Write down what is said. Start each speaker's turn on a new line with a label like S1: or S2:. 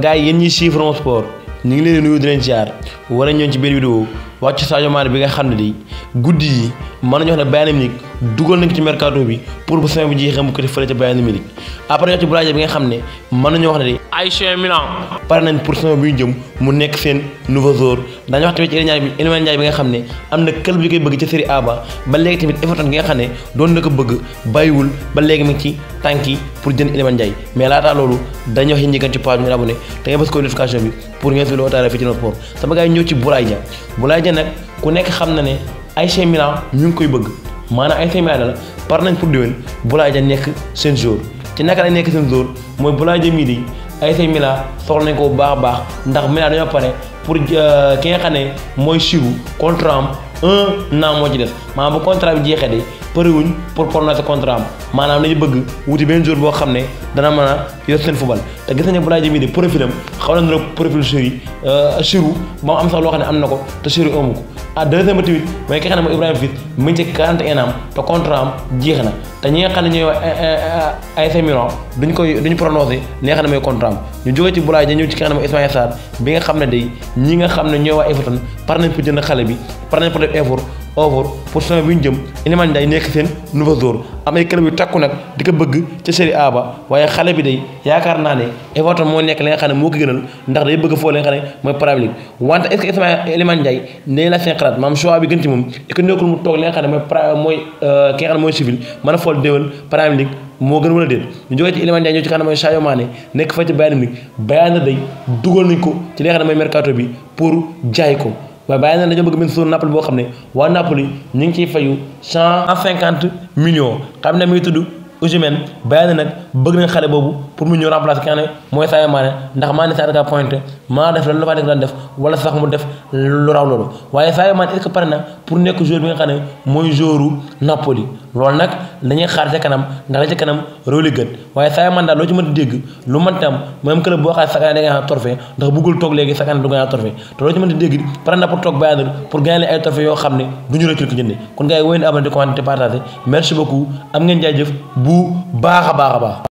S1: gars yi yéen ñiy suivre sport ñu ngi leen di nuyu di leen wala ñoon ci benn vidéo wàcc Sadio Mané bi nga xam ne di guddi yi mën nañu wax ne Bayern Munich dugal nañ ko ci mercato bi pour bu semaine bi jeexee mu ko fële ca Bayern Munich après bi nga xam ne mën nañu wax ne di AC Milan pare nañ pour semaine bi mu nekk seen nouveau joueur dañu wax tamit ci Iliman Ndiaye bi Iliman nga xam ne am na club bi koy bëgg ca Serie nga xam doon na ko bëgg bàyyiwul ba léegi mi ngi ci tànki pour jënd yi njëkkan ci page bi ngeen abonné te nga bës ko notification bi pour ngeen si loo taara fii ne nag ku nekk xam na ne ay Milan ñu ngi koy bëgg maanaam AC Milan la par nañ pour déwén Boulaye Dia nekk seen jour ci naka la nekk seen jour mooy Boulaye Dia mii di AC Milan soxla nañ ko bu baax a baax ndax Milan dañoo pare pour euh, ki nga xam ne mooy Giroud contrat am un an moo ci des maanaam bu contrat bi jeexee de. parewuñ pour prolonger contrat am maanaam ñu bëgg wuti benn jour boo xam ne dana mën a yor seen fubal te gis nañu Boulaye Dia mii de profil xaw na ne profil Chérif Chérif ba am sax loo xam ne am na ko te Chérif amu ko ah deuxième ba tamit mooy ki nga xam ne mooy Ibrahima Fils mu ngi ci 41 ans te contrat am jeex na te ñi nga xam ne ñooy AS Milan duñ koy duñ prolonger li nga xam ne mooy contrat ñu jógee ñëw ci ki nga xam ne mooy Ismaïla Sarr ñi nga xam ne ñooy waa Everton par nañ pour jënd xale bi par nañ pour def effort over pour saison bi ñu jëm Iliman day nekk seen nouveau joueur am ay yu takku nag di ko bëgg ca Serie A waaye xale bi day yaakaar naa ne Everton moo nekk li nga xam ne moo ko gënal ndax day bëgg foo li mooy Premier League wante est-ce que nee la seen xalaat maam choix bi gën ci moom nekkul mu toog li nga ne mooy mooy euh, ki mooy civil mën a fool déwén Premier League moo gën wala déet ñu jógee ci Iliman Ndiaye ñëw ci kanam mooy Sadio Mané nekk fa ci Bayern Munich Bayern day dugal nañ ko ci li nga xam ne mooy mercato bi pour jaay ko waaye bàyyi na dañoo bëgg benn suur Napoli boo xam ne waa Napoli ñu ngi ciy fayu cent cinquante millions xam ne mi ngi tudd Osimhen bàyyi na nag bëgg nañ xale boobu pour mu ñëw remplacer ki nga ne mooy Sadio Mané ndax Mané Sadio kaa point maa def la la faa nekk daan def wala sax mu def lu loolu waaye Sadio Mané est-ce pare na pour nekk joueur bi nga xam ne mooy joueuru Napoli loolu nag dañuy xaar ca kanam ndax la ca kanam réew li gën waaye saa man daal loo ci mën dégg lu mën tam mooy am boo xam ne chaque année da nga xam ndax bëggul toog léegi sa année du nga xam trophée te loo ci mën a dégg pare na pour toog bàyyi pour gagner ay trophée yoo xam ne du ñu rëccul ko jënde kon gars yi woy na abonné di commenter di partager merci beaucoup am ngeen jaajëf bu baax a baax a baax